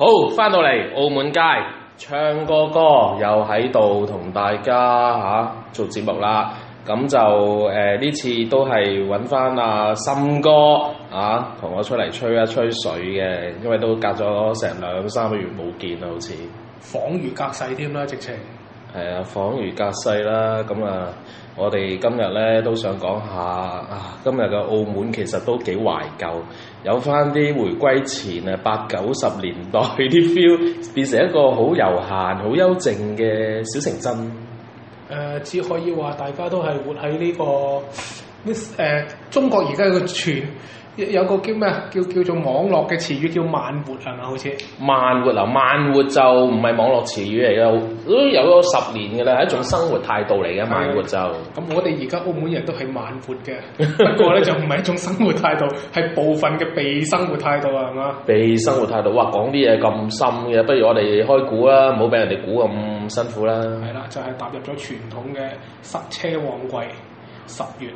好，翻到嚟澳門街，鏘哥，又喺度同大家吓、啊、做節目啦。咁就誒呢、呃、次都係揾翻阿森哥啊，同、啊、我出嚟吹一吹水嘅，因為都隔咗成兩三個月冇見啦，好似。恍如隔世添啦，直情。係啊，恍如隔世啦。咁啊，我哋今日呢都想講下啊，今日嘅澳門其實都幾懷舊。有翻啲回歸前啊八九十年代啲 feel，變成一個好悠閒、好幽靜嘅小城鎮。誒、呃，只可以話大家都係活喺呢、這個，呢、這個呃、中國而家嘅全。有個叫咩？叫叫做網絡嘅詞語叫慢活係、啊、咪？好似慢活啊！慢活就唔係網絡詞語嚟嘅，都有咗十年嘅啦，係一種生活態度嚟嘅、嗯、慢活就。咁、嗯、我哋而家澳門人都係慢活嘅，呢 不過咧就唔係一種生活態度，係部分嘅被生活態度啊，係嘛？被生活態度哇，講啲嘢咁深嘅，不如我哋開估啦，唔好俾人哋估咁辛苦啦。係啦，就係、是、踏入咗傳統嘅塞車旺季，十月。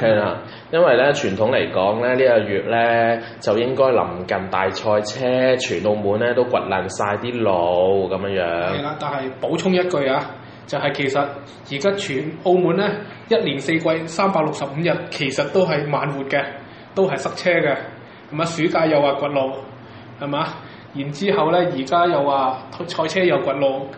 係啦，嗯、因為咧傳統嚟講咧呢個月咧就應該臨近大賽車，全澳門咧都掘爛晒啲路咁樣。係啦，但係補充一句啊，就係、是、其實而家全澳門咧一年四季三百六十五日，其實都係慢活嘅，都係塞車嘅。咁啊，暑假又話掘路，係嘛？然之後咧，而家又話賽車又掘路，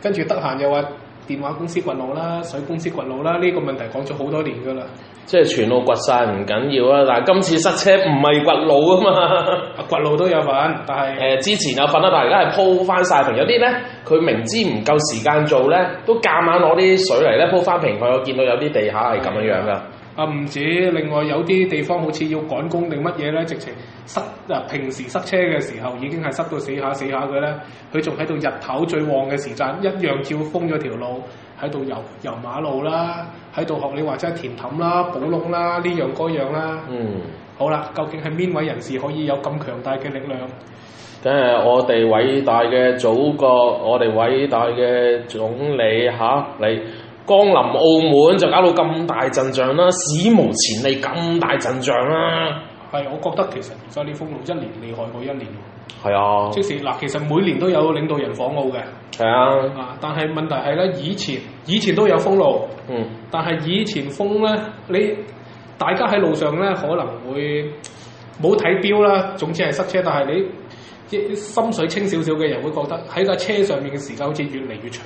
跟住得閒又話。電話公司掘路啦，水公司掘路啦，呢個問題講咗好多年噶啦。即係全路掘晒唔緊要啊。但係今次塞車唔係掘路啊嘛，掘路都有份，但係誒之前有份啊，但係而家係鋪翻晒平，有啲咧佢明知唔夠時間做咧，都夾硬攞啲水嚟咧鋪翻平佢，我見到有啲地下係咁樣樣噶。的啊唔止，另外有啲地方好似要趕工定乜嘢咧，直情塞啊！平時塞車嘅時候已經係塞到死下死下嘅咧，佢仲喺度日頭最旺嘅時間一樣照封咗條路，喺度游游馬路啦，喺度學你話齋填氹啦、補窿啦，呢樣嗰樣啦。嗯。好啦，究竟係邊位人士可以有咁強大嘅力量？梗係、嗯、我哋偉大嘅祖國，我哋偉大嘅總理吓，你。江臨澳門就搞到咁大陣仗啦，史無前例咁大陣仗啦、啊。係，我覺得其實而家呢，封路一年厲害過一年。係啊。即是嗱，其實每年都有領導人訪澳嘅。係啊。啊，但係問題係咧，以前以前都有封路。嗯。但係以前封咧，你大家喺路上咧，可能會冇睇表啦，總之係塞車。但係你心水清少少嘅人會覺得喺架車上面嘅時間好似越嚟越長。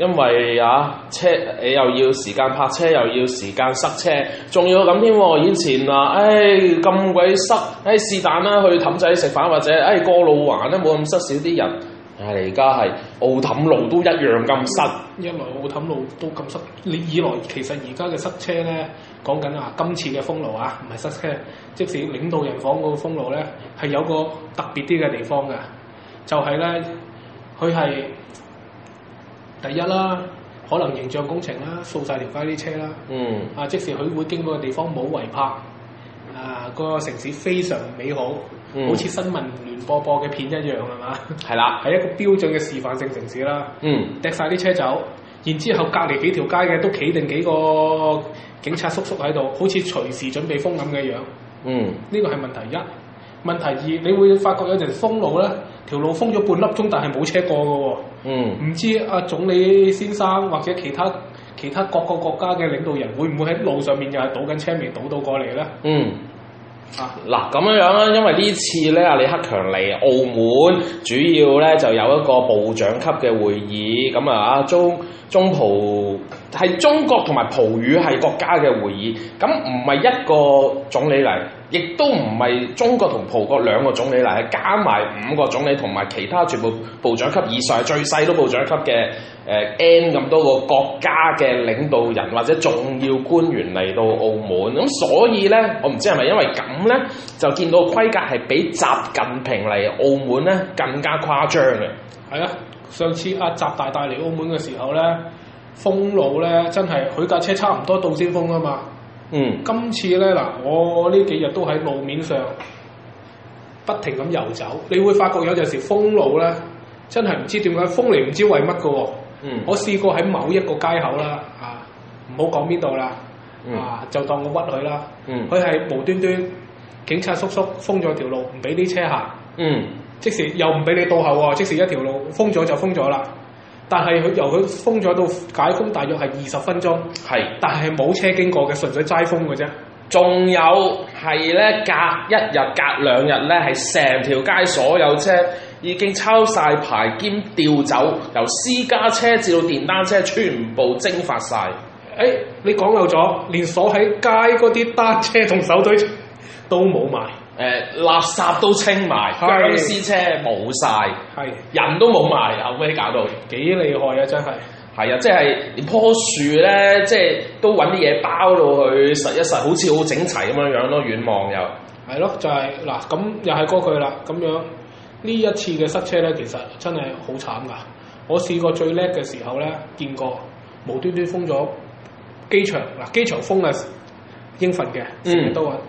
因為啊，車你又要時間泊車，又要時間塞車，仲要諗添喎。以前啊，唉咁鬼塞，唉是但啦，去氹仔食飯或者唉、哎、過路環啦，冇咁塞少啲人。係而家係澳氹路都一樣咁塞，因為澳氹路都咁塞。以以來其實而家嘅塞車咧，講緊啊今次嘅封路啊，唔係塞車，即使領導人房嗰個封路咧，係有個特別啲嘅地方嘅，就係咧佢係。第一啦，可能形象工程啦，掃晒條街啲車啦。嗯。啊，即使佢會經過嘅地方冇違拍，啊、呃嗰個城市非常美好，嗯、好似新聞聯播播嘅片一樣，係嘛、嗯？係啦吧，係一個標準嘅示範性城市啦。嗯。掟晒啲車走，然後之後隔離幾條街嘅都企定幾個警察叔叔喺度，好似隨時準備封咁嘅樣。嗯。呢個係問題一，問題二，你會發覺有陣封路咧。條路封咗半粒鐘，但係冇車過嘅喎、哦。嗯，唔知阿、啊、總理先生或者其他其他各個國家嘅領導人，會唔會喺路上面又係堵緊車面堵到過嚟咧？嗯，啊嗱咁樣樣啦，因為次呢次咧，阿李克強嚟澳門，主要咧就有一個部長級嘅會議，咁啊中中葡係中國同埋葡語系國家嘅會議，咁唔係一個總理嚟。亦都唔係中國同葡國兩個總理嚟，係加埋五個總理同埋其他全部部長級以上，最細都部長級嘅誒、呃、N 咁多個國家嘅領導人或者重要官員嚟到澳門。咁所以咧，我唔知係咪因為咁咧，就見到規格係比習近平嚟澳門咧更加誇張嘅。係啊，上次阿習大大嚟澳門嘅時候咧，封路咧真係佢架車差唔多到先封啊嘛。嗯，今次咧嗱，我呢幾日都喺路面上不停咁遊走，你會發覺有陣時封路咧，真係唔知點解封嚟、哦，唔知為乜嘅喎。嗯，我試過喺某一個街口啦，啊，唔好講邊度啦，啊，就當我屈佢啦。嗯，佢係無端端警察叔叔封咗條路，唔俾啲車行。嗯，即時又唔俾你倒後喎，即時一條路封咗就封咗啦。但係佢由佢封咗到解封，大約係二十分鐘。係，但係冇車經過嘅，純粹齋封嘅啫。仲有係咧，隔一日、隔兩日咧，係成條街所有車已經抄晒牌兼調走，由私家車至到電單車，全部蒸發晒。誒，你講漏咗，連鎖喺街嗰啲單車同手推車都冇埋。誒、呃、垃圾都清埋，僵屍是車冇晒，係是人都冇埋，後尾搞到幾厲害啊！真係係啊，即係連棵樹咧，嗯、即係都揾啲嘢包到佢，實一實，好似好整齊咁樣樣咯。遠望又係咯，就係嗱咁，又係嗰句啦。咁樣呢一次嘅塞車咧，其實真係好慘噶。我試過最叻嘅時候咧，見過無端端，端封咗機場嗱，機場封嘅應份嘅，成日都係。嗯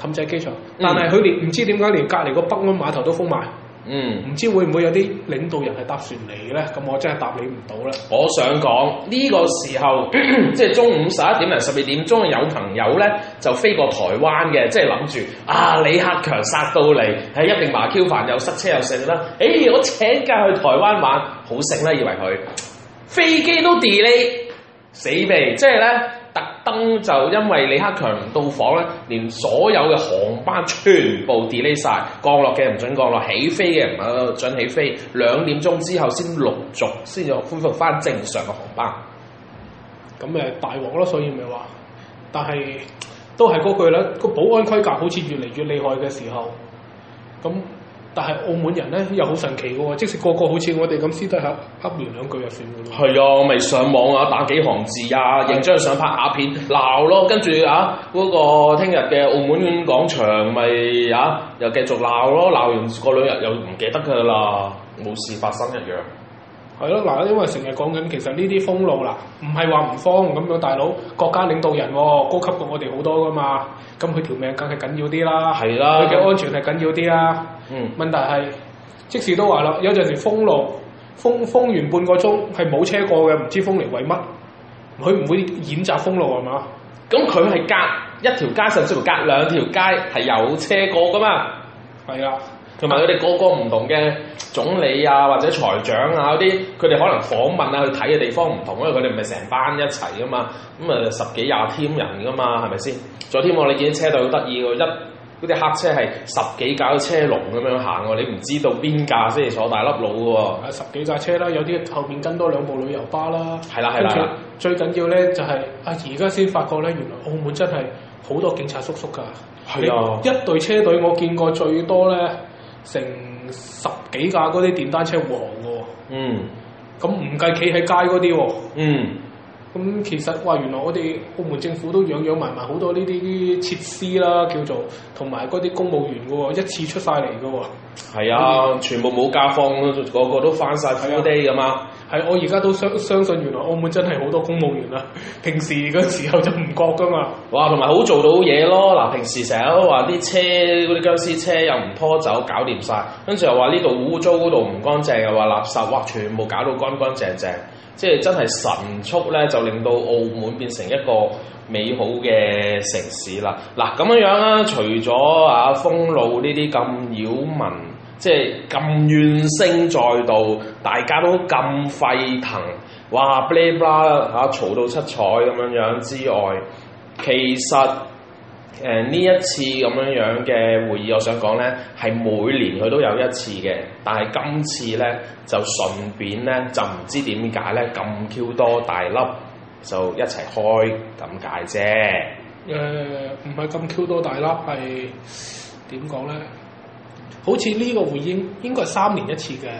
氹仔機場，但係佢哋唔知點解連隔籬個北安碼頭都封埋，嗯，唔知會唔會有啲領導人係搭船嚟咧？咁我真係答你唔到啦！我想講呢、呢個時候，咳咳即係中午十一點零十二點鐘，有朋友咧就飛過台灣嘅，即係諗住啊，李克強殺到嚟，係一定麻 Q 煩又塞車又剩啦！誒、欸，我請假去台灣玩，好食啦，以為佢飛機都 delay，死未？即係咧。就因為李克強到訪咧，連所有嘅航班全部 delay 晒，降落嘅唔准降落，起飛嘅唔準起飛，兩點鐘之後先陸續先至恢復翻正常嘅航班。咁誒大鑊咯，所以咪話，但係都係嗰句啦，個保安規格好似越嚟越厲害嘅時候，咁。但係澳門人咧又好神奇嘅喎，即使個個好似我哋咁，私底下噏完兩句就算嘅喎。係啊，咪上網啊，打幾行字啊，影張相拍下片鬧咯，跟住啊嗰個聽日嘅澳門廣場咪啊又繼續鬧咯，鬧完過兩日又唔記得嘅啦，冇事發生一樣。係咯，嗱，因為成日講緊，其實呢啲封路啦，唔係話唔封咁樣，大佬國家領導人喎、哦，高級過我哋好多噶嘛，咁佢條命梗係緊要啲啦，佢嘅安全係緊要啲啦。嗯。問題係，即使都話啦，有陣時封路，封封完半個鐘係冇車過嘅，唔知封嚟為乜，佢唔會演習封路係嘛？咁佢係隔一條街甚至乎隔兩條街係有車過噶嘛？係啊。同埋佢哋個個唔同嘅總理啊，或者財長啊嗰啲，佢哋可能訪問啊去睇嘅地方唔同，因為佢哋唔係成班一齊啊嘛，咁、嗯、啊十幾廿添人㗎嘛，係咪先？昨天我哋見啲車隊好得意喎，一嗰啲客車係十幾架車龍咁樣行喎，你唔知道邊架先係坐大粒佬㗎喎。啊，十幾架車啦，有啲後邊跟多兩部旅遊巴啦。係啦係啦。最緊要咧就係啊，啊而家先發覺咧，原來澳門真係好多警察叔叔㗎。係啊。啊一隊車隊我見過最多咧。成十幾架嗰啲電單車黃嘅喎，嗯，咁唔計企喺街嗰啲喎，嗯，咁其實哇，原來我哋澳門政府都養養埋埋好多呢啲設施啦，叫做同埋嗰啲公務員嘅喎、哦，一次出晒嚟嘅喎，係啊，以全部冇家訪啦，個個都翻晒睇飛啲咁啊。係，我而家都相相信原來澳門真係好多公務員啦。平時嗰時候就唔覺噶嘛。哇，同埋好做到嘢咯。嗱，平時成日都話啲車嗰啲僵屍車又唔拖走，搞掂晒。跟住又話呢度污糟，嗰度唔乾淨，又話垃圾，哇，全部搞到乾乾淨淨，即係真係神速咧，就令到澳門變成一個美好嘅城市啦。嗱咁樣樣、啊、啦，除咗啊封路呢啲咁擾民。即係咁怨聲載道，大家都咁沸騰，哇！blabla 嚇，吵到七彩咁樣樣之外，其實誒呢、呃、一次咁樣樣嘅會議，我想講咧係每年佢都有一次嘅，但係今次咧就順便咧就唔知點解咧咁 Q 多大粒就一齊開咁解啫。誒，唔係咁 Q 多大粒，係點講咧？好似呢個會議應該係三年一次嘅，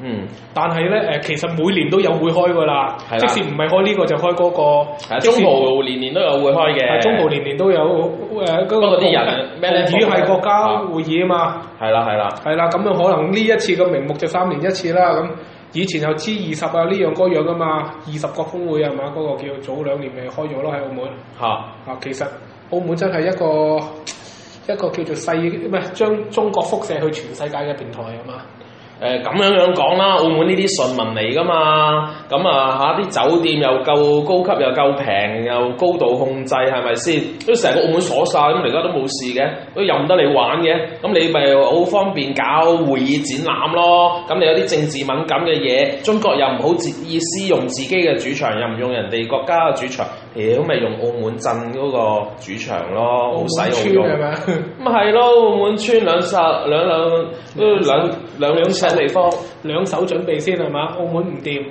嗯。但係咧誒，其實每年都有會開嘅啦，即使唔係開呢個就開嗰個。中葡年年都有會開嘅。中葡年年都有誒嗰個。啲人，會議係國家會議啊嘛。係啦係啦。係啦，咁樣可能呢一次嘅名目就三年一次啦。咁以前有知二十啊呢樣嗰樣噶嘛，二十個峰會係嘛？嗰個叫早兩年咪開咗咯喺澳門。嚇！啊，其實澳門真係一個。一個叫做世，唔係將中國輻射去全世界嘅平台啊嘛～誒咁樣樣講啦，澳門呢啲順民嚟噶嘛。咁、嗯、啊嚇啲酒店又夠高級，又夠平，又高度控制，係咪先？都成個澳門鎖曬，咁而家都冇事嘅，都任得你玩嘅。咁你咪好方便搞會議展覽咯。咁你有啲政治敏感嘅嘢，中國又唔好意思用自己嘅主場，又唔用人哋國家嘅主場，妖、哎、咪用澳門鎮嗰個主場咯，好使用用。咁係咯，澳門村兩十兩兩都兩兩兩。兩兩兩兩地方，兩手準備先係嘛？澳門唔掂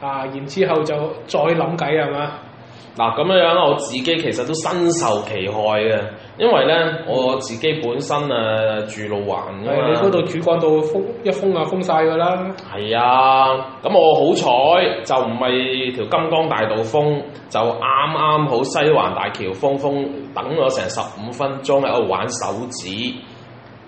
啊，然之後就再諗計係嘛？嗱咁樣樣，我自己其實都身受其害嘅，因為咧、嗯、我自己本身啊住路環噶嘛，你嗰度主幹道封一封啊封晒㗎啦。係啊，咁、嗯、我好彩就唔係條金剛大道封，就啱啱好西環大橋封封，等咗成十五分鐘喺度玩手指。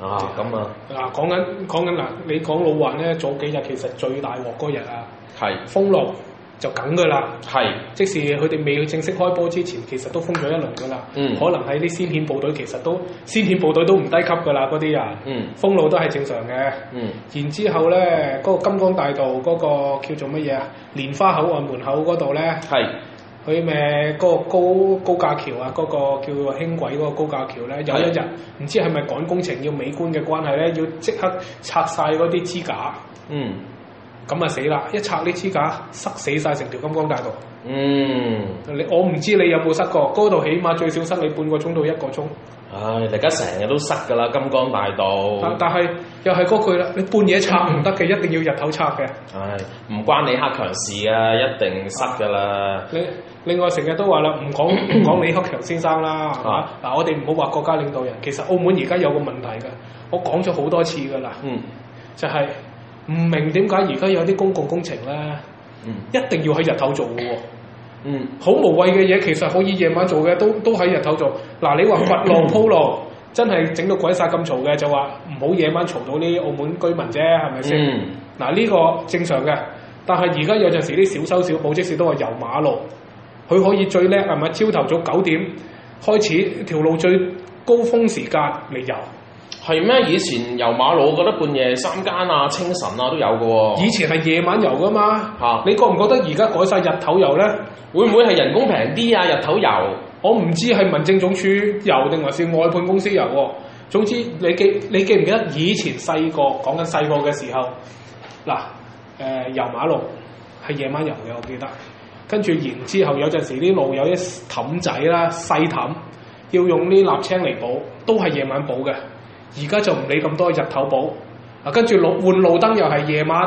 啊，咁啊！嗱，講緊講緊嗱，你講老環咧，早幾日其實最大鑊嗰日啊，係是封路就梗噶啦，係是。即使佢哋未去正式開波之前，其實都封咗一輪噶啦。嗯。可能喺啲先遣部隊，其實都先遣部隊都唔低級噶啦，嗰啲啊。嗯。封路都係正常嘅。嗯。然之後咧，嗰、那個金光大道嗰、那個叫做乜嘢啊？蓮花口岸門口嗰度咧。係是。佢咩嗰高高架橋啊，嗰、嗰個叫輕軌嗰個高架橋咧，有一日唔知係咪趕工程要美觀嘅關係咧，要即刻拆晒嗰啲支架。嗯，咁啊死啦！一拆呢支架，塞死晒成條金光大道。嗯，你我唔知你有冇塞過，嗰度起碼最少塞你半個鐘到一個鐘。唉、哎，大家成日都塞噶啦，金光大道。但係又係嗰句啦，你半夜拆唔得嘅，嗯、一定要日頭拆嘅。唉、哎，唔關李克強事啊，一定塞噶啦、啊。你另外成日都話啦，唔講講李克強先生啦、啊，係嘛？嗱、啊，我哋唔好話國家領導人。其實澳門而家有個問題㗎，我講咗好多次㗎啦。嗯，就係唔明點解而家有啲公共工程咧，一定要喺日頭做嘅喎、哦。嗯，好無謂嘅嘢其實可以夜晚做嘅，都都喺日頭做。嗱，你話掘路鋪路，真係整到鬼殺咁嘈嘅，就話唔好夜晚嘈到啲澳門居民啫，係咪先？嗱呢、嗯這個正常嘅，但係而家有陣時啲小修小補，即使都係油馬路。佢可以最叻係咪？朝頭早九點開始，條路最高峰時間嚟遊係咩？以前遊馬路，我覺得半夜三更啊、清晨啊都有嘅喎、啊。以前係夜晚遊嘅嘛嚇，啊、你覺唔覺得而家改晒日頭遊咧？會唔會係人工平啲啊？日頭遊，我唔知係民政總署遊定還是外判公司遊、啊。總之你記你記唔記得以前細個講緊細個嘅時候嗱，誒、啊呃、遊馬路係夜晚遊嘅，我記得。跟住然之後有陣時啲路有啲氹仔啦，細氹，要用啲立青嚟補，都係夜晚補嘅。而家就唔理咁多，日頭補。啊，跟住路換路燈又係夜晚，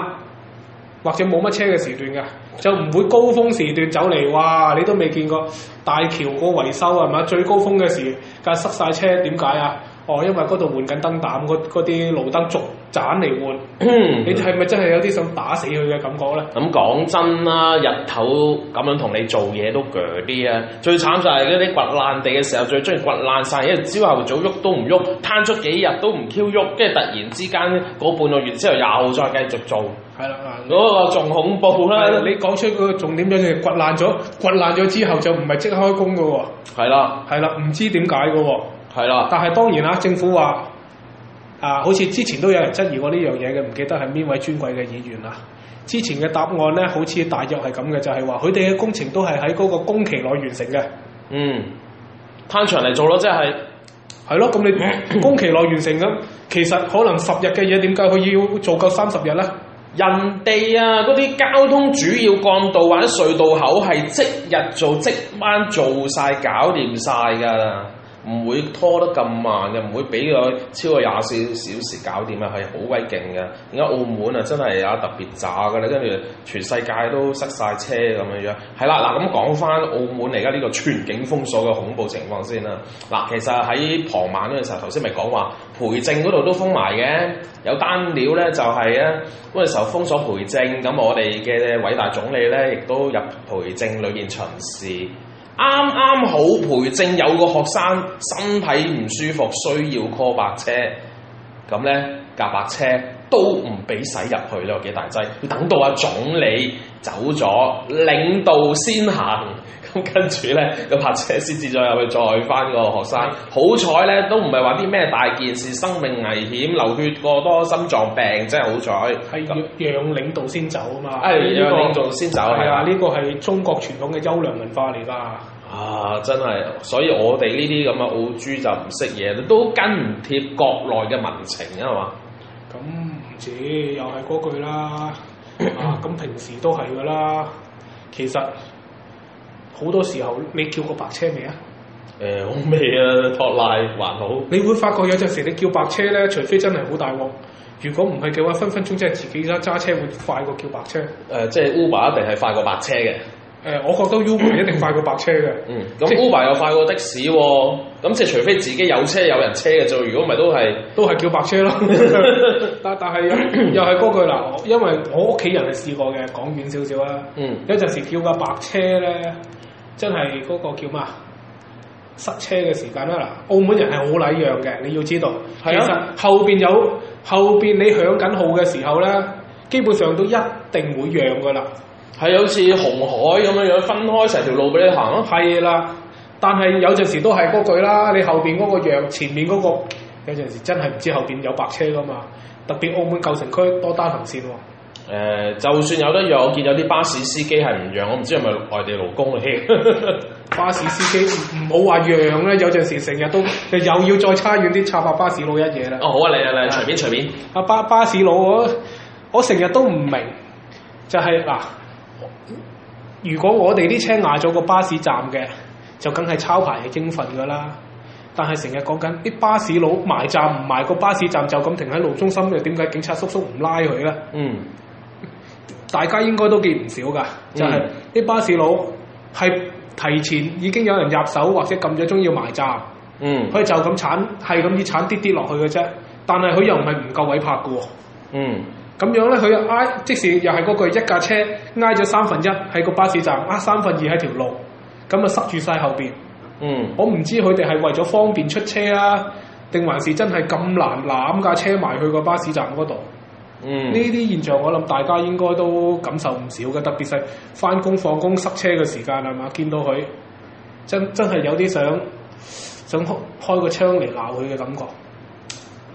或者冇乜車嘅時段嘅，就唔會高峰時段走嚟。哇！你都未見過大橋個維修係咪啊？最高峰嘅時，架塞晒車。點解啊？哦，因為嗰度換緊燈膽，嗰啲路燈斬嚟換， 你係咪真係有啲想打死佢嘅感覺咧？咁講真啦，日頭咁樣同你做嘢都鋸啲啊！最慘就係嗰啲掘爛地嘅時候，最中意掘爛晒，因為朝頭早喐都唔喐，攤咗幾日都唔 Q 喐，跟住突然之間嗰半個月之後又再繼續做，係啦，嗰個仲恐怖啦！了啊、你講出佢重點就係掘爛咗？掘爛咗之後就唔係即刻開工噶喎，係啦了，係啦，唔知點解噶喎，係啦了了，但係當然啦，政府話。啊！好似之前都有人質疑過呢樣嘢嘅，唔記得係邊位尊貴嘅議員啦。之前嘅答案咧，好似大約係咁嘅，就係話佢哋嘅工程都係喺嗰個工期內完成嘅。嗯，攤場嚟做咯，即係係咯。咁你 工期內完成咁，其實可能十日嘅嘢，點解佢要做夠三十日咧？人哋啊，嗰啲交通主要幹道或者隧道口係即日做即晚做晒，搞掂晒㗎啦。唔會拖得咁慢又唔會俾佢超過廿四小時搞掂啊！係好鬼勁嘅，而家澳門啊真係有特別渣嘅咧，跟住全世界都塞晒車咁樣樣。係啦，嗱咁講翻澳門嚟，而家呢個全境封鎖嘅恐怖情況先啦。嗱，其實喺傍晚嗰陣時候，頭先咪講話培正嗰度都封埋嘅，有單料咧就係咧嗰陣時候封鎖培正，咁我哋嘅偉大總理咧亦都入培正裏面巡視。啱啱好培正有個學生身體唔舒服，需要 call 白車，咁咧架白車都唔俾駛入去呢咯，幾大劑？要等到阿總理走咗，領導先行。跟住咧，咁泊車先至再入去，再翻個學生。是好彩咧，都唔係話啲咩大件事，生命危險、流血過多、心臟病，真係好彩。係咁讓領導先走啊嘛！哎，讓、這個、領導先走係啊！呢個係中國傳統嘅優良文化嚟噶。啊，真係，所以我哋呢啲咁嘅澳豬就唔識嘢，都跟唔貼國內嘅民情啊嘛。咁唔、嗯、知，又係嗰句啦。 啊，咁、啊、平時都係噶啦。其實。好多時候未叫過白車未啊？誒，我未、呃、啊，托賴還好。你會發覺有陣時你叫白車咧，除非真係好大鑊。如果唔係嘅話，分分鐘即係自己揸揸車會快過叫白車。誒、呃，即係 Uber 一定係快過白車嘅。誒、呃，我覺得 Uber 一定快過白車嘅。 嗯。咁 Uber 又快過的士喎、哦。咁即係除非自己有車有人車嘅啫。如果唔係都係都係叫白車咯。 但但係 又係嗰句嗱，因為我屋企人係試過嘅，講遠少少啦。嗯。有陣時叫架白車咧。真係嗰個叫咩啊？塞車嘅時間啦，嗱，澳門人係好禮讓嘅，你要知道。其實後邊有後邊你響緊號嘅時候呢，基本上都一定會讓噶啦。係好似紅海咁樣樣，分開成條路俾你行咯。係啦，但係有陣時都係嗰句啦，你後邊嗰個讓，前面嗰個有陣時真係唔知後邊有白車噶嘛。特別澳門舊城區多單行線喎。誒、呃，就算有得讓，我見有啲巴士司機係唔讓，我唔知係咪外地勞工嚟添。 巴士司機唔好話讓咧，有陣時成日都又要再差遠啲插爆巴士佬一嘢啦。哦，好啊，嚟嚟嚟，隨便、啊、隨便。阿巴巴士佬，我我成日都唔明，就係、係、嗱，如果我哋啲車挨咗個巴士站嘅，就梗係抄牌嘅應份噶啦。但係成日講緊啲巴士佬埋站唔埋個巴士站，就咁停喺路中心，又點解警察叔叔唔拉佢咧？嗯。大家應該都見唔少㗎，嗯、就係啲巴士佬係提前已經有人入手或者撳咗鍾要埋站，佢、嗯、就咁鏟係咁樣鏟啲啲落去嘅啫。但係佢又唔係唔夠位泊嘅喎。嗯，咁樣咧佢挨，即使又係嗰句一架車挨咗三分一喺個巴士站，挨、啊、三分二喺條路，咁啊塞住晒後邊。嗯，我唔知佢哋係為咗方便出車啊，定還是真係咁難攬架車埋去個巴士站嗰度。呢啲、嗯、現象我諗大家應該都感受唔少嘅，特別係翻工放工塞車嘅時間係嘛，見到佢真真係有啲想想開個窗嚟鬧佢嘅感覺。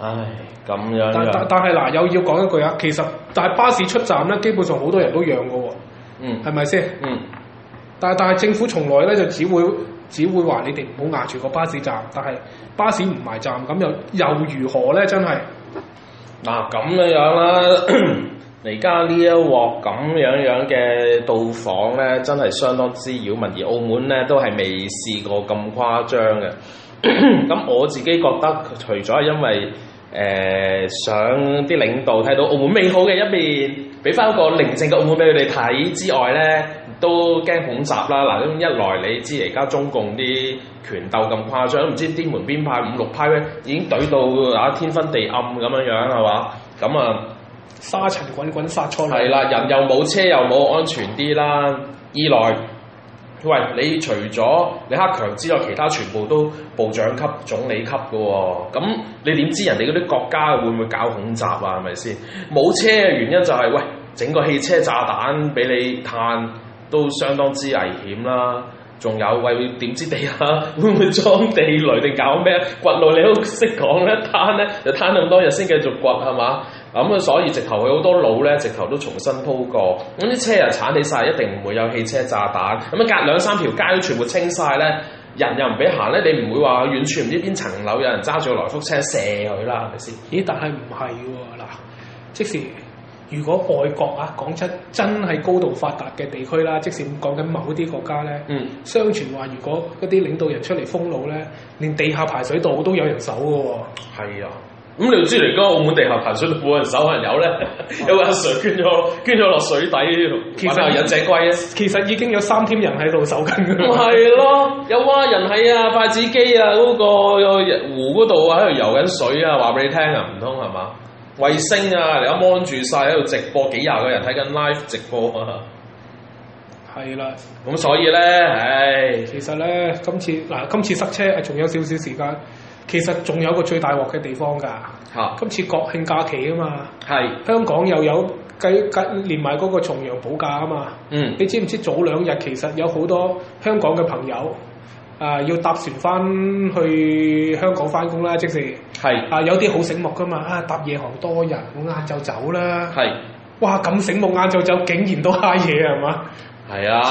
唉，咁樣。但但係嗱，又要講一句啊，其實但係巴士出站咧，基本上好多人都讓嘅，嗯，係咪先？嗯。但係但係政府從來咧就只會只會話你哋唔好壓住個巴士站，但係巴士唔埋站咁又又如何咧？真係。嗱咁樣樣啦，而家呢一鑊咁樣樣嘅到訪咧，真係相當之擾民，而澳門咧都係未試過咁誇張嘅。咁我自己覺得，除咗係因為誒、呃、想啲領導睇到澳門美好嘅一面，俾翻一個寧靜嘅澳門俾佢哋睇之外咧。都驚恐襲啦！嗱，一來你知而家中共啲權鬥咁誇張，唔知啲門邊派五六派咧，已經懟到啊天昏地暗咁樣樣係、啊、嘛？咁啊沙塵滾滾，發菜係啦，人又冇車又冇，安全啲啦。二來，喂，你除咗李克強之外，其他全部都部長級、總理級嘅喎、哦。咁你點知人哋嗰啲國家會唔會搞恐襲啊？係咪先冇車嘅原因就係、是、喂整個汽車炸彈俾你攤。都相當之危險啦，仲有喂，點知地下會唔會裝地雷定搞咩？掘路你都識講咧，攤咧就攤咁多日先繼續掘係嘛？咁啊、嗯，所以直頭佢好多路咧，直頭都重新鋪過。咁、嗯、啲車又鏟起晒，一定唔會有汽車炸彈。咁、嗯、啊，隔兩三條街都全部清晒咧，人又唔俾行咧，你唔會話完全唔知邊層樓有人揸住來福車射佢啦，係咪先？咦？但係唔係喎嗱？即使……如果外國啊講出真係高度發達嘅地區啦，即使講緊某啲國家咧，嗯、相傳話如果嗰啲領導人出嚟封路咧，連地下排水道都有人守嘅喎。係啊，咁你知唔知而家澳門地下排水道冇人守？有人、哦、人有咧，啊、 有個阿 Sir 捐咗捐咗落水底，其實有隻龜，其實已經有三添人喺度守緊。係咯，有蛙人喺啊，筷子基啊，嗰、嗰個有湖嗰度喺度游緊水啊，話俾你聽啊，唔通係嘛？衛星啊，嚟緊 monitor 住晒喺度直播，幾廿個人睇緊 live 直播啊！係啦的，咁所以咧，唉，其實咧、哎、今次嗱，今次塞車係仲有少少時間，其實仲有個最大鑊嘅地方噶，啊、今次國慶假期啊嘛，的香港又有計計連埋嗰個重陽補假啊嘛，嗯、你知唔知？早兩日其實有好多香港嘅朋友。啊！要搭船翻去香港翻工啦，即是。係。啊，有啲好醒目噶嘛！啊，搭夜航多人，咁晏晝走啦。係是。哇！咁醒目晏晝走，就竟然都嗨嘢係嘛？係啊。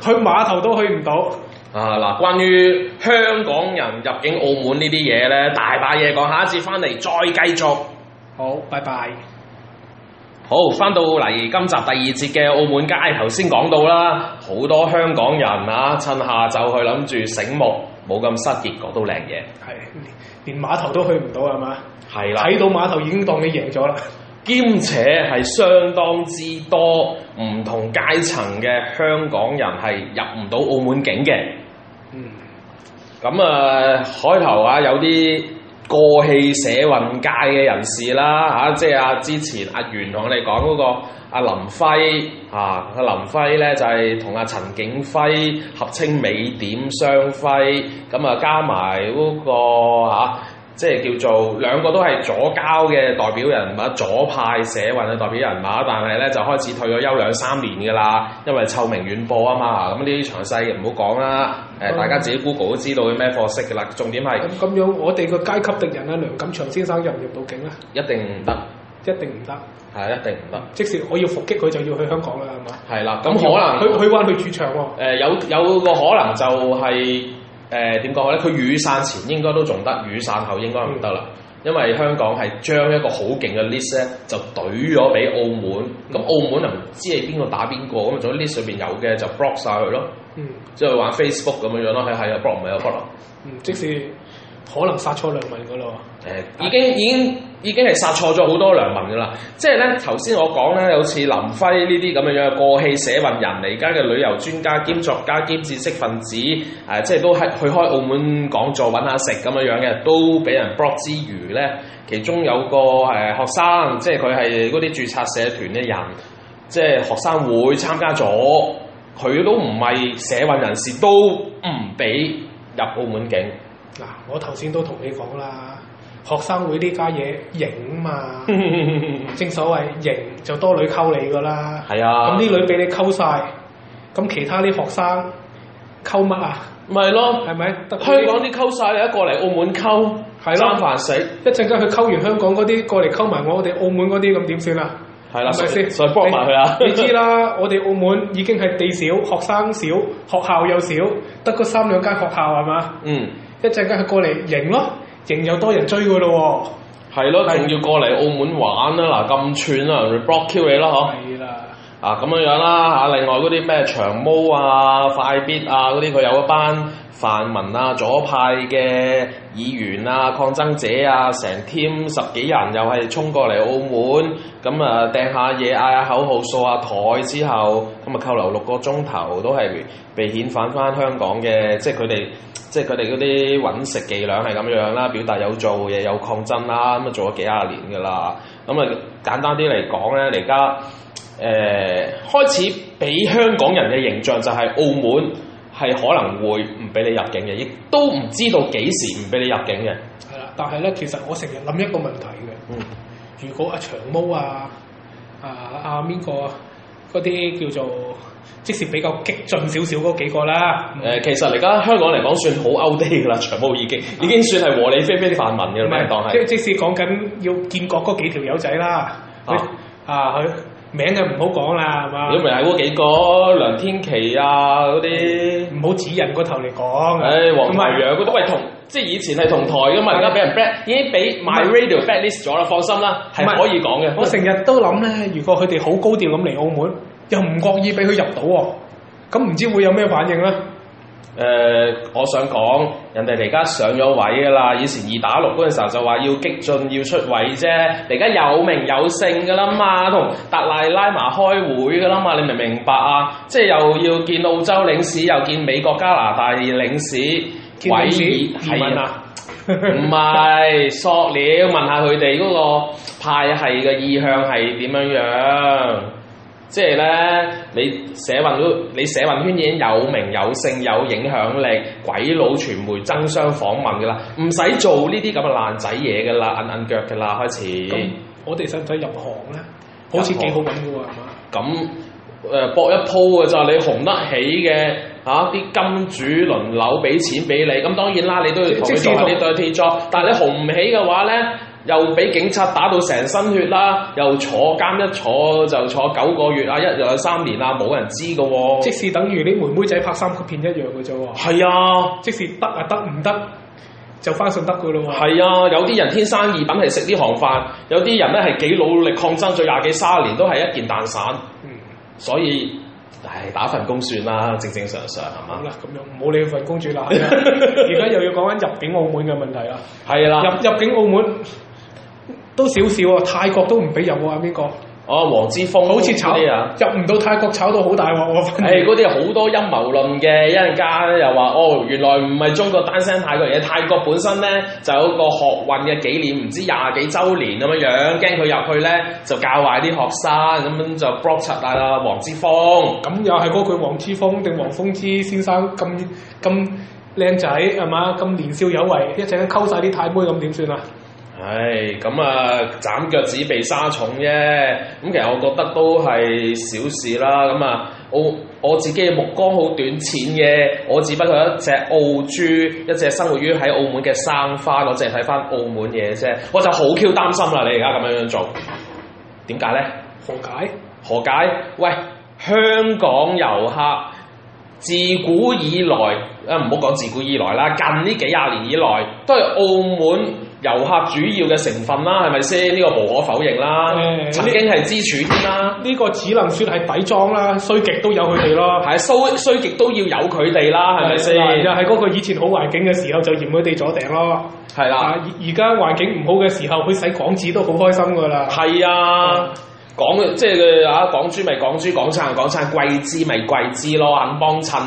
去碼頭都去唔到，啊。啊嗱，關於香港人入境澳門呢啲嘢咧，大把嘢講，下一次翻嚟再繼續。好，拜拜。好，翻到嚟今集第二節嘅澳門街，頭先講到啦，好多香港人啊，趁下晝去諗住醒目，冇咁塞，結果都靚嘢。係，連碼頭都去唔到係嘛？係啦，睇到碼頭已經當你贏咗啦。兼且係相當之多唔同階層嘅香港人係入唔到澳門境嘅。嗯，咁、呃、啊，開頭啊有啲。過氣社運界嘅人士啦吓、啊，即係啊，之前阿袁同我哋講嗰個阿林輝，嚇、啊，阿林輝咧就係同阿陳景輝合稱美點雙輝咁啊，加埋嗰個嚇。即係叫做兩個都係左交嘅代表人物，左派社運嘅代表人物，但係咧就開始退咗休兩三年㗎啦，因為臭名遠播啊嘛。咁呢啲詳細唔好講啦，誒、嗯、大家自己 Google 都知道佢咩貨色㗎啦。重點係咁咁樣，我哋個階級敵人啊，梁錦祥先生又入唔入到境啊？一定唔得，一定唔得，係一定唔得。即使我要伏擊佢，就要去香港啦，係、嗯、嘛？係啦，咁可能佢去翻佢主場喎、啊呃。有有個可能就係。誒點講咧？佢、呃、雨傘前應該都仲得，雨傘後應該唔得啦。嗯、因為香港係將一個好勁嘅 list 咧，就懟咗俾澳門。咁、嗯、澳門又唔知係邊個打邊個，咁啊，仲 list 上邊有嘅就 block 晒佢咯。嗯，block，嗯，即係玩 Facebook 咁樣樣咯，係係有 block，唔係有 block。即使。可能殺錯良民噶咯喎！誒，已經已經已經係殺錯咗好多良民噶啦，即係咧頭先我講咧，有似林輝呢啲咁樣嘅過氣社運人嚟，而家嘅旅遊專家兼作家兼知識分子，誒、呃、即係都開去開澳門講座揾下食咁樣樣嘅，都俾人 block 之餘咧，其中有個誒學生，即係佢係嗰啲註冊社團嘅人，即係學生會參加咗，佢都唔係社運人士，都唔俾入澳門境。嗱，我頭先都同你講啦，學生會呢家嘢型嘛，正所謂型就多女溝你噶啦。係啊，咁啲女俾你溝晒，咁其他啲學生溝乜啊？咪咯，係咪？香港啲溝晒，你一過嚟澳門溝，係咯，煩死，一陣間佢溝完香港嗰啲，過嚟溝埋我哋澳門嗰啲，咁點算啊？係啦，咪先？再幫埋佢啊！你知啦，我哋澳門已經係地少，學生少，學校又少，得個三兩間學校係嘛？嗯。一陣間佢過嚟營咯，營又多人追佢咯喎，係咯，仲的的要過嚟澳門玩啦，嗱咁串啊，reblock you 你咯嗬，係啦，啊咁樣樣啦吓。另外嗰啲咩長毛啊、快必啊嗰啲，佢有一班。泛民啊，左派嘅議員啊，抗爭者啊，成 team 十幾人又係衝過嚟澳門，咁啊掟下嘢，嗌下口號，掃下台之後，咁、嗯、啊扣留六個鐘頭，都係被遣返返香港嘅。即係佢哋，即係佢哋嗰啲揾食伎倆係咁樣啦，表達有做嘢，有抗爭啦，咁、嗯、啊做咗幾廿年㗎喇。咁、嗯、啊簡單啲嚟講咧，而家誒開始俾香港人嘅形象就係澳門。係可能會唔俾你入境嘅，亦都唔知道幾時唔俾你入境嘅。係啦，但係咧，其實我成日諗一個問題嘅。嗯，如果阿、啊、長毛啊、啊阿邊、啊、個嗰、啊、啲叫做，即使比較激進少少嗰幾個啦、啊。誒、嗯呃，其實而家香港嚟講，算好 out date 㗎啦，長毛已經已經算係和理非非泛民嘅啦，當係。即即是講緊要建國嗰幾條友仔啦。啊佢。名就唔好講啦，係嘛、嗯？吧如果唔係嗰幾個、嗯、梁天琦啊嗰啲，唔好指人個頭嚟講。唉、哎，黃太陽都係、嗯、同，即係以前係同台㗎嘛，而、嗯、家俾人 black 已經俾 My、嗯、Radio blacklist 咗啦。放心啦，係、嗯、可以講嘅。是我成日都諗咧，如果佢哋好高調咁嚟澳門，又唔覺意俾佢入到、啊，咁唔知會有咩反應咧？誒、呃，我想講，人哋嚟家上咗位噶啦，以前二打六嗰陣時候就話要激進要出位啫，嚟家有名有姓噶啦嘛，同達賴喇嘛開會噶啦嘛，你明唔明白啊？即係又要見澳洲領事，又見美國加拿大領事，鬼熱係嘛？唔係，索料。問下佢哋嗰個派系嘅意向係點樣樣？即係咧，你社運都你社運圈已經有名有姓有影響力，鬼佬傳媒爭相訪問㗎喇，唔使做呢啲咁嘅爛仔嘢㗎喇，揞揞腳㗎喇，開始。咁我哋使唔使入行咧？行好似幾好揾嘅喎，係嘛、啊？咁誒搏一鋪㗎咋，你紅得起嘅嚇，啲、啊、金主輪流俾錢俾你。咁當然啦，你都要同佢做呢對 T 桌。但係你紅唔起嘅話咧？又俾警察打到成身血啦，又坐監一坐就坐九個月啊，一兩三年啊，冇人知嘅喎、哦。即使等於啲妹妹仔拍三級片一樣嘅啫喎。係啊，即使得啊得唔得就翻信得嘅咯喎。係啊，有啲人天生異稟嚟食呢行飯，有啲人咧係幾努力抗爭咗廿幾卅年都係一件蛋散。嗯，所以唉打份工算啦，正正常常係嘛？咁啦，咁冇你份工住啦。而家 又要講翻入境澳門嘅問題啦。係啦、啊， 入入境澳門。 都少少啊，泰國都唔俾入啊。邊、這個？哦，黃之鋒，好似炒啊。入唔到泰國，炒到好大鑊、啊、喎。嗰啲好多陰謀論嘅，一陣間又話哦，原來唔係中國單身泰國人，而且泰國本身咧就有個學運嘅紀念，唔知廿幾周年咁樣樣，驚佢入去咧就教壞啲學生，咁樣就 block 出嚟啦。黃之、嗯、之鋒，咁又係嗰句黃之鋒定黃鋒之先生咁咁靚仔係嘛？咁年少有為，一陣間溝晒啲泰妹，咁點算啊？唉，咁啊，斬腳趾避沙蟲啫。咁其實我覺得都係小事啦。咁啊，我我自己目光好短淺嘅，我只不過係一隻澳豬，一隻生活於喺澳門嘅生花，我淨係睇翻澳門嘢啫。我就好 Q 擔心啦！你而家咁樣樣做，點解咧？何解？何解？喂！香港遊客自古以來，啊唔好講自古以來啦，近呢幾廿年以來都係澳門。遊客主要嘅成分啦，係咪先？呢個無可否認啦，曾經係支柱添啦，呢個只能算係底妝啦。衰極都有佢哋咯，係啊，衰衰極都要有佢哋啦，係咪先？又係嗰個以前好環境嘅時候就嫌佢哋咗頂咯，係啦。而家環境唔好嘅時候，佢使港紙都好開心噶啦。係啊，港即係嘅啊，港珠咪港珠港產，港產貴資咪貴資咯，暗幫襯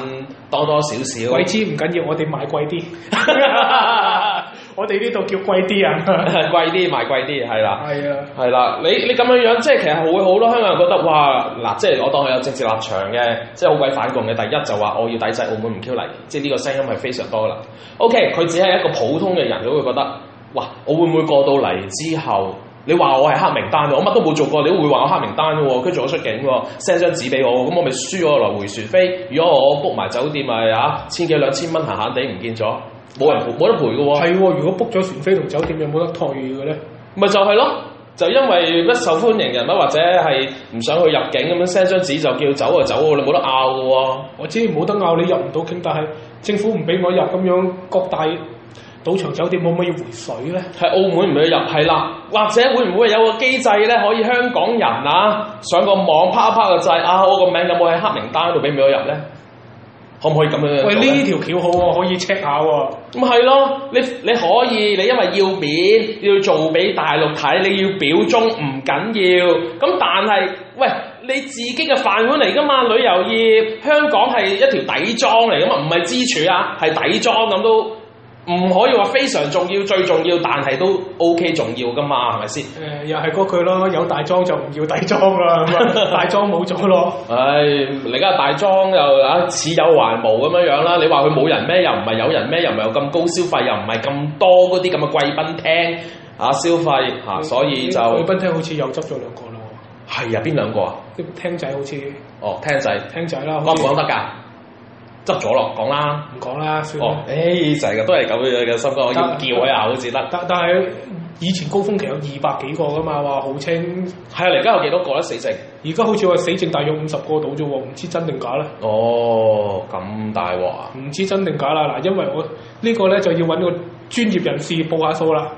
多多少少。貴資唔緊要，我哋買貴啲。我哋呢度叫貴啲啊！ 貴啲賣貴啲，係啦，係啊的，係啦，你你咁樣樣，即係其實會好多香港人覺得哇，嗱，即係我當佢有政治立場嘅，即係好鬼反共嘅。第一就話我要抵制澳門唔嚟，即係呢個聲音係非常多啦。OK，佢只係一個普通嘅人，都會覺得哇，我會唔會過到嚟之後，你話我係黑名單，我乜都冇做過，你都會話我黑名單嘅喎，佢做咗出境喎，send 張紙俾我，咁我咪輸咗來回船飛。如果我 book 埋酒店啊，千幾兩千蚊閒閒地唔見咗。冇人陪，冇得陪嘅喎、啊。係喎，如果 book 咗船飛同酒店，有冇得退嘅咧？咪就係咯，就因為不受歡迎人物或者係唔想去入境咁樣 send 張紙就叫走就走，你冇得拗嘅喎。我知冇得拗你入唔到境，但係政府唔俾我入咁樣，各大賭場酒店可唔可以回水咧？係澳門唔俾入，係啦，或者會唔會有個機制咧？可以香港人啊上個網啪一啪個掣啊，我個名有冇喺黑名單度俾唔俾我入咧？可唔可以咁樣？喂，呢條橋好喎、啊，可以 check 下喎、啊。咁係咯，你可以，你因為要面，要做俾大陸睇，你要表忠唔緊要。咁但係，喂，你自己嘅飯碗嚟㗎嘛，旅遊業，香港係一條底樁嚟㗎嘛，唔係支柱啊，係底樁咁都。唔可以話非常重要，最重要，但係都 O、okay、K 重要噶嘛，係咪先？誒、呃，又係嗰句咯，有大裝就唔要底裝啦， 大裝冇咗咯。唉、哎，而家大裝又啊，似有還無咁樣樣啦。 你話佢冇人咩？又唔係有人咩？又唔係有咁高消費，又唔係咁多嗰啲咁嘅貴賓廳啊消費嚇， 所以就貴賓廳好似又執咗兩個咯。係啊，邊兩個啊？啲廳仔好似哦，廳仔，廳仔啦，啱唔講得㗎？不執咗咯，講啦，唔講啦，啦，算啦。誒、哦，成日、欸、都係咁樣嘅心態，唔得要見鬼啊！唔得好似得。但但係以前高峰期有二百幾個㗎嘛，話好清。係、哦、啊，而家有幾多個咧？死症？而家好似話死症大約五十個度啫喎，唔知真定假咧。哦，咁大鑊。唔知真定假啦，嗱，因為我呢、呢個咧就要揾個專業人士報下數啦。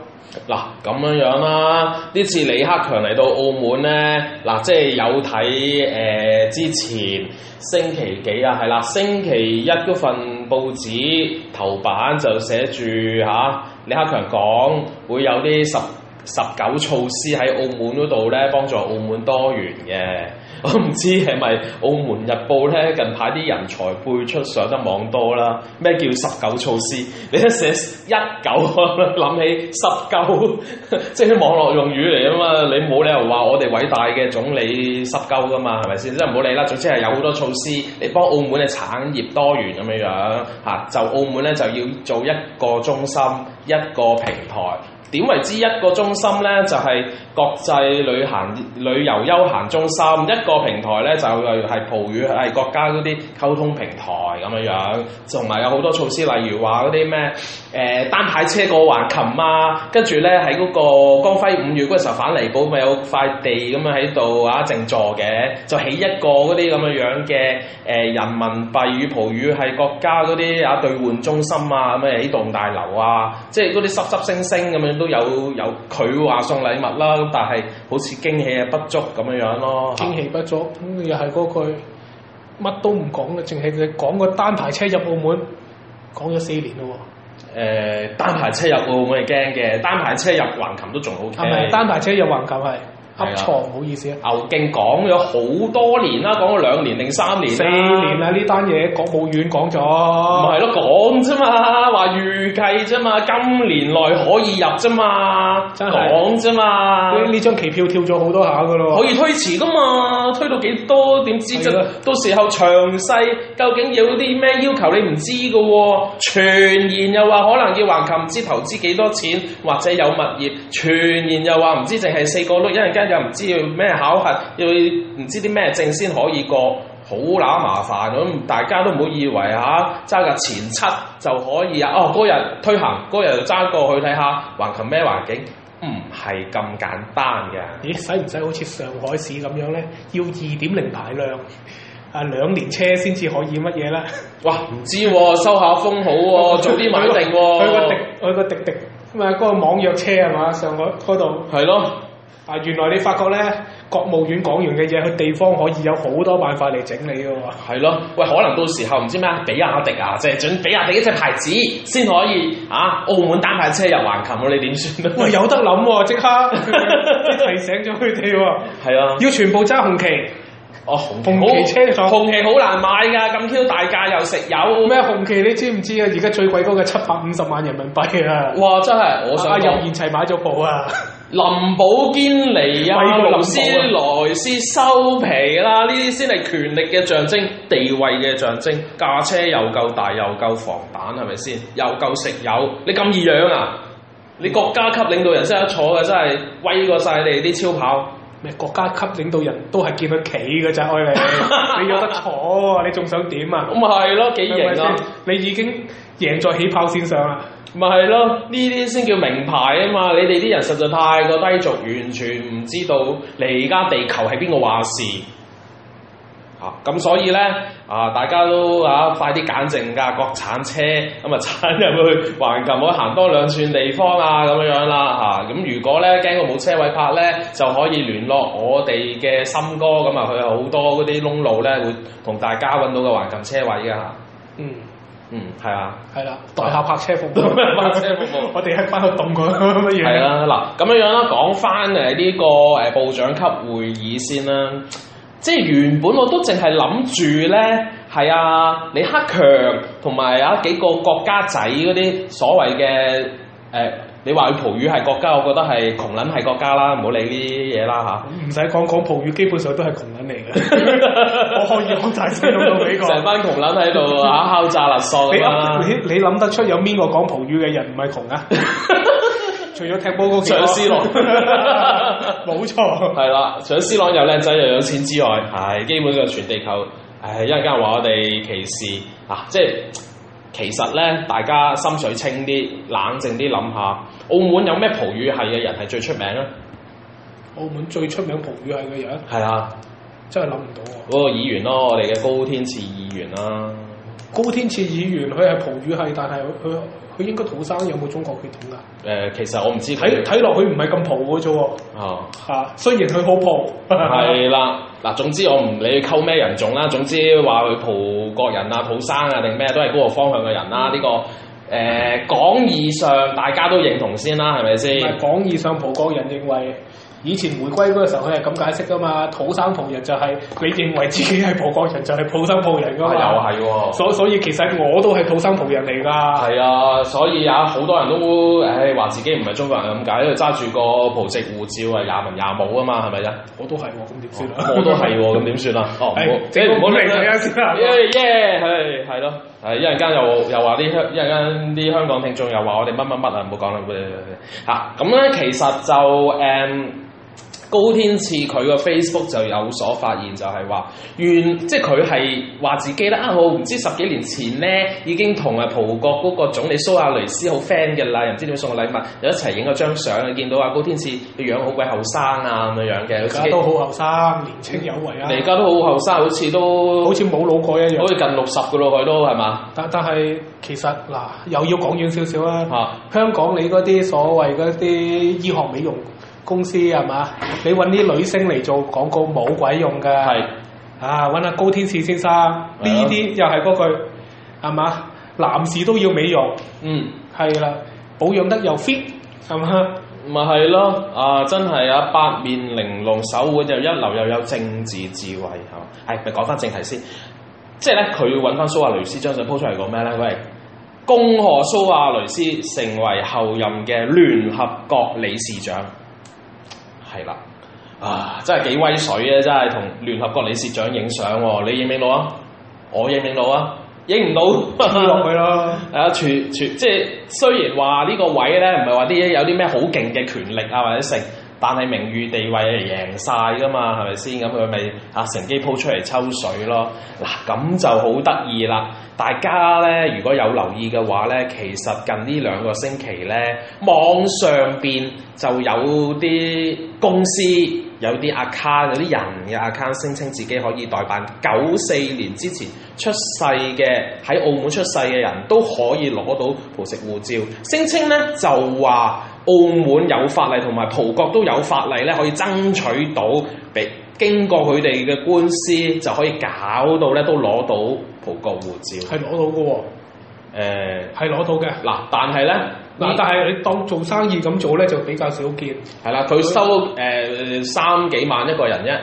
嗱咁樣樣啦，呢次李克強嚟到澳門咧，嗱即係有睇誒、呃、之前星期幾啊，係啦，星期一嗰份報紙頭版就寫住吓，李克強講會有啲十十九措施喺澳門嗰度咧，幫助澳門多元嘅。我 唔知係咪《澳門日報》咧近排啲人才輩出上得網多啦。咩叫十九措施？你一寫一九，諗起濕鳩，即係啲網絡用語嚟啊嘛。你冇理由話我哋偉大嘅總理濕鳩㗎嘛，係咪先？即係唔好理啦。總之係有好多措施，你幫澳門嘅產業多元咁樣樣嚇。 就澳門咧就要做一個中心，一個平台。點為之一個中心咧？就係國際旅行旅遊休閒中心，一個平台咧就例如係葡語係國家嗰啲溝通平台咁樣樣，同埋有好多措施，例如話嗰啲咩誒單排車過橫琴啊，跟住咧喺嗰個光輝五月嗰陣時候返嚟，寶咪有塊地咁樣喺度啊，靜坐嘅就起一個嗰啲咁樣樣嘅誒人民幣與葡語係國家嗰啲啊兌換中心啊咁啊起棟大樓啊，即係嗰啲濕濕星星咁樣。都有有佢話送禮物啦，但係好似驚喜啊不足咁樣樣咯。驚喜不足，咁又係嗰句乜都唔講嘅，淨係佢講個單排車入澳門，講咗四年咯。誒、呃，單排車入澳門係驚嘅，單排車入橫琴都仲好。係咪單排車入橫琴係？錯，唔好意思、啊。牛勁講咗好多年啦，講咗兩年定三年、啊、四年啦、啊。呢單嘢國務院講咗，唔係咯講啫嘛，話預計啫嘛，今年內可以入啫是嘛，講啫嘛。呢呢張期票跳咗好多下嘅咯，可以推遲噶嘛，推到幾多點知啫的？到時候詳細究竟有啲咩要求你、啊，你唔知嘅喎。傳言又話可能要橫琴唔知投資幾多錢，或者有物業。傳言又話唔知，淨係四個碌一陣間。又唔知要咩考核，要唔知啲咩證先可以過，好乸麻煩咁，大家都唔好以為吓，揸個前七就可以啊！哦，嗰日推行，嗰日就揸過去睇下，橫琴咩環境，唔係咁簡單嘅。咦，使唔使好似上海市咁樣咧？要二點零排量啊，兩年車先至可以乜嘢啦？哇，唔知、哦，收下風好、哦，早啲買定、哦。佢個滴，佢個滴滴，咪嗰個網約車係嘛？上海嗰度係咯。啊！原來你發覺咧，國務院講完嘅嘢，佢地方可以有好多辦法嚟整理嘅喎、啊。係咯，喂，可能到時候唔知咩，比亞迪啊，即係準比亞迪一隻牌子先可以啊！澳門單牌車又橫琴，你點算咧？喂，有得諗喎、啊，即刻 提醒咗佢哋喎。係啊，的要全部揸紅旗。哦、啊，紅旗，紅紅旗車廠，紅旗好難買㗎，咁挑大架又食油。咩紅旗？你知唔知啊？而家最貴都嘅七百五十萬人民幣啊！哇，真係，我想任賢齊買咗部啊！林寶堅尼啊，勞斯萊斯收皮啦！呢啲先係權力嘅象徵，地位嘅象徵。架車又夠大，又夠防彈，係咪先？又夠食油，你咁易養啊？你國家級領導人先得坐嘅，真係威過晒你啲超跑。咩國家級領導人都係見佢企嘅咋，愛你 你有得坐，你仲想點啊？咁咪係咯，幾型啊？你已經贏在起跑線上啦！咪係咯，呢啲先叫名牌啊嘛！你哋啲人實在太過低俗，完全唔知道你而家地球係邊個話事。嚇、啊、咁所以咧啊，大家都啊快啲揀正架國產車，咁啊踩入去橫琴可行多兩寸地方啊咁樣啦嚇。咁、啊啊、如果咧驚我冇車位拍咧，就可以聯絡我哋嘅森哥，咁啊佢好多嗰啲窿路咧會同大家揾到個橫琴車位嘅嚇。嗯。嗯，係啊，係啦、啊，代客泊車服務咩？泊車服務，我哋喺翻去凍佢乜嘢？係 啦，嗱咁、啊、樣樣啦，講翻誒呢個誒、呃、部長級會議先啦。即係原本我都淨係諗住咧，係啊，李克強同埋啊幾個國家仔嗰啲所謂嘅誒。呃你話佢葡語係國家，我覺得係窮撚係國家啦，唔好理呢啲嘢啦吓，唔使講講葡語，基本上都係窮撚嚟嘅。 我可以講大聲用到美國。成班窮撚喺度啊，敲詐勒索。你你你諗得出有邊個講葡語嘅人唔係窮啊？ 除咗踢波個上司朗，冇錯。係啦，除咗上司朗又靚仔又有錢之外，係基本上全地球，唉，因為一陣間話我哋歧視啊，即係。其實咧，大家心水清啲、冷靜啲諗下，澳門有咩葡語系嘅人係最出名咧？澳門最出名葡語系嘅人係啊，真係諗唔到啊！嗰個、哦、議員咯，我哋嘅高天賜議員啦、啊。高天賜議員佢係葡語系，但係佢佢應該土生有冇中國血統噶？誒、呃，其實我唔知。睇睇落去唔係咁葡嘅啫啊，嚇！雖然佢好葡係啦。嗱，總之我唔理溝咩人種啦，總之話佢葡國人啊、浦生啊定咩都係嗰個方向嘅人啦、啊，呢、這個誒廣、呃、義上大家都認同先啦、啊，係咪先？廣義上葡國人認為。以前回歸嗰個時候，佢係咁解釋噶嘛？土生葡人就係、是、你認為自己係葡國人，就係土生葡人噶嘛？又係喎！哦、所以所以其實我都係土生葡人嚟㗎。係啊，所以也、啊、好多人都誒話、欸、自己唔係中國人咁解，因為揸住個葡籍護照二文二文是是啊，廿文廿武啊嘛，係咪啊？我都係喎，咁點算我都係喎，咁點算啊？哦，我即係我理啦！耶耶，係係咯，係一陣間又又話啲香一陣間啲香港聽眾又話我哋乜乜乜啊，唔好講啦，唔好嚇咁咧。其實就誒。Um, 高天賜佢個 Facebook 就有所發現就，就係話原即係佢係話自己咧，我唔知十幾年前咧已經同阿葡國嗰個總理蘇亞雷斯好 friend 嘅啦，又唔知點樣送個禮物，又一齊影咗張相，見到啊高天賜嘅樣好鬼後生啊咁樣嘅，而家都好後生，年青有為啊！而家都好後生，好似都好似冇老過一樣，好似近六十嘅咯，佢都係嘛？但但係其實嗱，又要講遠少少啦。啊、香港你嗰啲所謂嗰啲醫學美容。公司係嘛？你揾啲女星嚟做廣告冇鬼用㗎。係是啊，揾阿高天賜先生呢啲的又係嗰句係嘛？男士都要美容，嗯係啦，保養得又 fit 係咪？咪係咯啊！真係阿、啊、八面玲瓏，手腕又一流，又有政治智慧係嘛。係咪講翻正題先？即係咧，佢要揾翻蘇亞雷斯張相鋪出嚟，講咩咧？喂，恭賀蘇亞雷斯成為後任嘅聯合國理事長。係啦，啊，真係幾威水啊！真係同聯合國理事長影相，你影唔影到，到，到 啊？我影唔影到啊？影唔到，落去啦，係啊，全全即係雖然話呢個位咧，唔係話啲有啲咩好勁嘅權力啊或者成。但係名譽地位贏晒噶嘛，係咪先？咁佢咪啊，乘機鋪出嚟抽水咯。嗱，咁就好得意啦。大家咧，如果有留意嘅話咧，其實近呢兩個星期咧，網上邊就有啲公司、有啲 account、有啲人嘅 account 聲稱自己可以代辦九四年之前出世嘅喺澳門出世嘅人都可以攞到葡籍護照。聲稱咧就話。澳門有法例，同埋葡國都有法例咧，可以爭取到，俾經過佢哋嘅官司就可以搞到咧，都攞到葡國護照。係攞到嘅喎、哦，誒係攞到嘅。嗱，但係咧，嗱、嗯，啦但係你當做生意咁做咧，就比較少見。係啦，佢收誒、嗯呃、三幾萬一個人啫，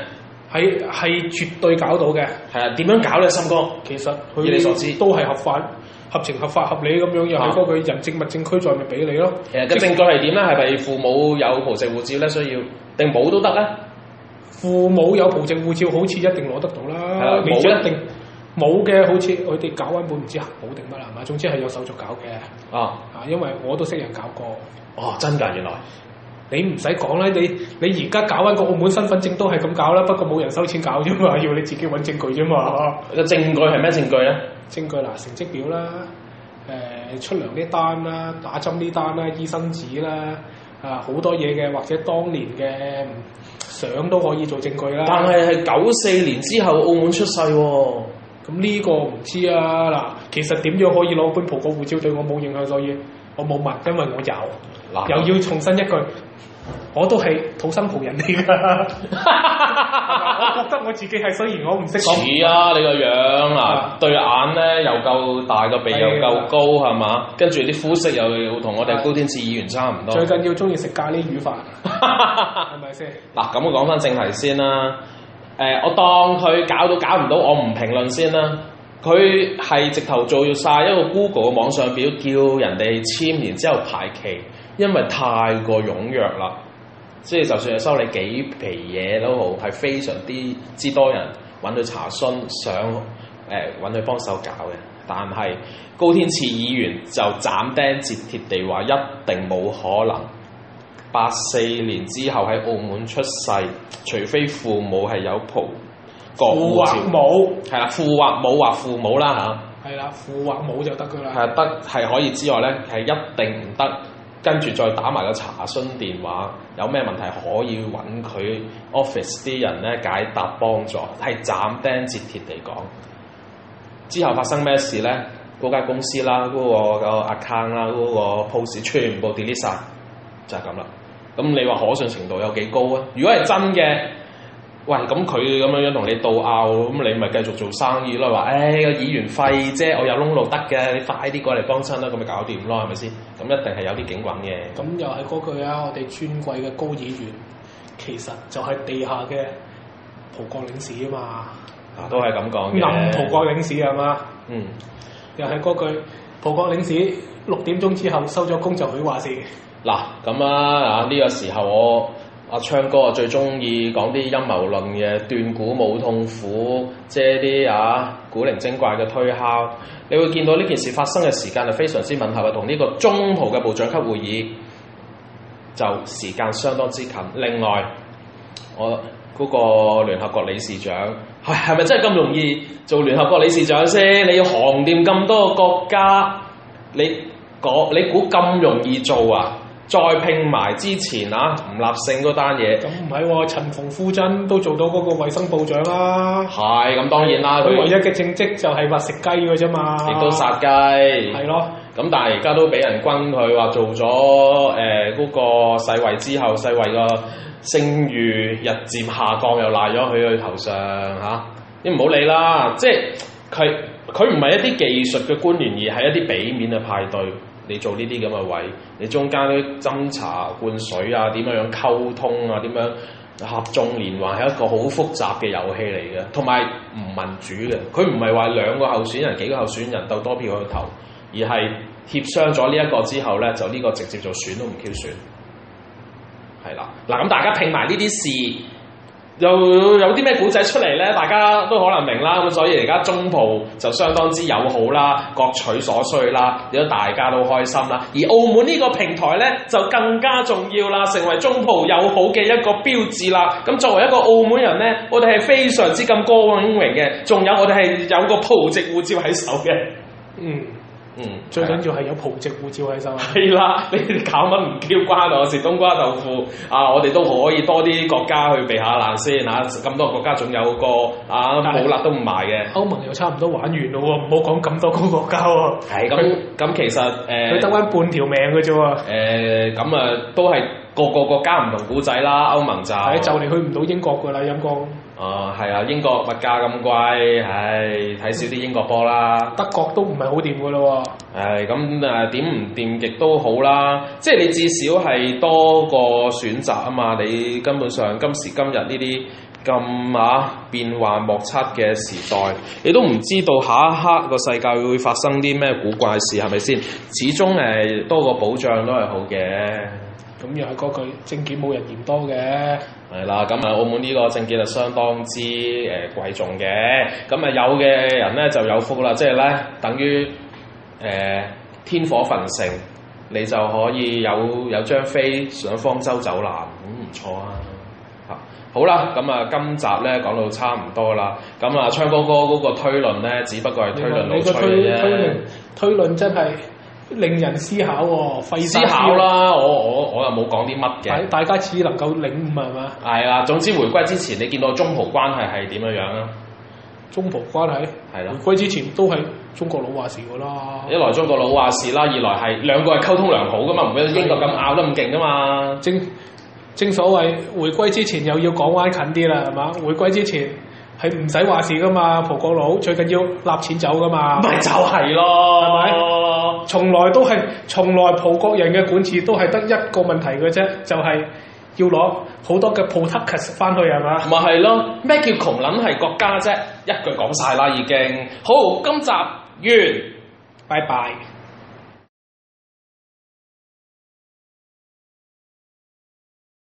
係係絕對搞到嘅。係啊，點樣搞咧？森哥，其實佢所知、嗯、都係合法。合情合法合理咁樣又喺嗰個人證物證俱在，咪俾你咯？誒其實，個其實證據係點咧？係咪父母有葡籍護照咧？需要定冇都得咧？父母有葡籍護照，好似一定攞得到啦。冇係啦你係一定冇嘅，好似佢哋搞緊本唔知合保定乜啦，係嘛？總之係有手續搞嘅。啊啊，因為我都識人搞過。哦，真噶，原來你唔使講啦，你你而家搞緊個澳門身份證都係咁搞啦，不過冇人收錢搞啫嘛，要你自己揾證據啫嘛。個、啊、證據係咩證據咧？啊證據嗱，成績表啦，誒、呃、出糧啲單啦，打針啲單啦，醫生紙啦，啊、呃、好多嘢嘅，或者當年嘅相都可以做證據啦。但係係九四年之後澳門出世喎、哦，咁呢、嗯嗯這個唔知啊嗱。其實點樣可以攞本葡國護照對我冇影響，所以我冇問，因為我有，喏又要重申一句。我都係土生葡人嚟噶， 我覺得我自己係，雖然我唔識講。似啊，你個樣啊，是啊，對眼咧又夠大，個鼻又夠高，係嘛？跟住啲膚色又要同我哋高天賜議員差唔多。是啊、最緊要中意食咖喱魚飯，係咪 先？嗱，咁我講翻正題先啦。誒，我當佢搞到搞唔到，我唔評論先啦。佢係直頭做咗晒一個 Google 嘅網上表，叫人哋簽，然後之後排期。因為太過踴躍啦，即係就算係收你幾皮嘢都好，係非常之之多人揾佢查詢，想誒揾佢幫手搞嘅。但係高天賜議員就斬釘截鐵地話，一定冇可能。八四年之後喺澳門出世，除非父母係有葡國母，係啦，父或母或父母啦吓，係啦，父或母就得㗎啦，係得係可以之外咧，係一定唔得。跟住再打埋個查詢電話，有咩問題可以揾佢 office 啲人咧解答幫助，係斬釘截鐵地講。之後發生咩事咧？嗰間公司啦，嗰個個 account 啦，嗰個 post 全部 delete 曬，就係咁啦。咁你話可信程度有幾高啊？如果係真嘅。喂，咁佢咁樣樣同你鬥拗，咁你咪繼續做生意咯。話、就、誒、是，個、哎、議員費啫，我有窿路得嘅，你快啲過嚟幫襯啦，咁咪搞掂咯，係咪先？咁一定係有啲景轟嘅。咁、嗯、又係嗰句啊，我哋尊貴嘅高議員，其實就係地下嘅葡國領事啊嘛。啊，都係咁講嘅。葡蒲國領事係嘛？嗯。又係嗰句，葡國領事六點鐘之後收咗工就唔會話事。嗱，咁啊，啊呢、呢個時候我。阿昌哥啊，最中意講啲陰謀論嘅，斷估冇痛苦，即係啲啊古靈精怪嘅推敲。你會見到呢件事發生嘅時間係非常之吻合嘅，同呢個中途嘅部長級會議就時間相當之近。另外，我嗰、嗰個聯合國理事長係係咪真係咁容易做聯合國理事長先？你要行掂咁多國家，你講你估咁容易做啊？再拼埋之前啊，吳立勝嗰單嘢。咁唔係喎，陳馮富珍都做到嗰個衞生部長啦。係，咁當然啦，佢他唯一嘅政績就係話食雞嘅啫嘛。亦都殺雞。係咯。咁咯但係而家都俾人轟佢話做咗誒嗰個世衞之後，世衞個聲譽日漸下降，又賴咗佢嘅頭上嚇、啊。你唔好理啦，即係佢佢唔係一啲技術嘅官員，而係一啲比面嘅派對。你做呢啲咁嘅位，你中間啲斟茶灌水啊，點樣樣溝通啊，點樣合縱連橫，係一個好複雜嘅遊戲嚟嘅，同埋唔民主嘅。佢唔係話兩個候選人、幾個候選人鬥多票去投，而係協商咗呢一個之後咧，就呢個直接就選都唔挑選，係啦。嗱，咁大家拼埋呢啲事。又有啲咩古仔出嚟呢，大家都可能明啦，咁所以而家中葡就相當之友好啦，各取所需啦，咁大家都開心啦。而澳門呢個平台呢，就更加重要啦，成為中葡友好嘅一個標誌啦。咁作為一個澳門人呢，我哋係非常之咁光榮嘅，仲有我哋係有個葡籍護照喺手嘅。嗯。嗯，最緊要係有葡籍護照喺身。係啦，你哋搞乜唔叫瓜啊？我食冬瓜豆腐啊，我哋都可以多啲國家去避下難先嚇。咁、啊、多國家仲有個啊，冇是辣都唔賣嘅。歐盟又差唔多玩完咯喎，唔好講咁多個國家喎。係咁，咁其實誒，佢得翻半條命嘅啫喎。誒，咁啊，都係個個國家唔同古仔啦。歐盟就係就嚟去唔到英國㗎啦，陰公。哦，係啊，啊，英國物價咁貴，唉、哎，睇少啲英國波啦。德國都唔係好掂嘅咯喎。咁誒、哎嗯、點唔掂亦都好啦，即係你至少係多個選擇啊嘛。你根本上今時今日呢啲咁啊變幻莫測嘅時代，你都唔知道下一刻個世界會發生啲咩古怪事係咪先？始終誒多個保障都係好嘅。咁又係嗰句，證件冇人嫌多嘅。係啦，咁啊，澳門呢個證件就相當之誒、呃、貴重嘅。咁啊，有嘅人咧就有福啦，即係咧，等於誒、呃、天火焚城，你就可以有有張飛上方舟走難，咁唔錯啊！嚇、啊，好啦，咁啊，今集咧講到差唔多啦。咁啊，鏘哥哥嗰個推論咧，只不過係推論老粗嘅。呢個推推論推論真係～令人思考喎、哦，思考，啊、思考啦！我我我又冇講啲乜嘅，大家只能夠領悟係嘛？係啦、哎，總之回歸之前你見到中葡關係、啊、關係點樣樣啦？中葡關係係啦，回歸之前都係中國佬話事噶啦。一來中國佬話事啦，二來係兩個係溝通良好噶嘛，唔俾英國咁拗得咁勁噶嘛。正正所謂回歸之前又要講返近啲啦，係嘛？回歸之前係唔使話事噶嘛，葡國佬最緊要立錢走噶嘛。咪、嗯嗯、就係咯，係咪吧？ 從來都係從來葡國人嘅管治都係得一個問題嘅啫，就係要攞好多嘅 protect 返去係嘛？咪係咯，咩叫窮撚係國家啫？一句講晒啦已經。好，今集完，拜拜。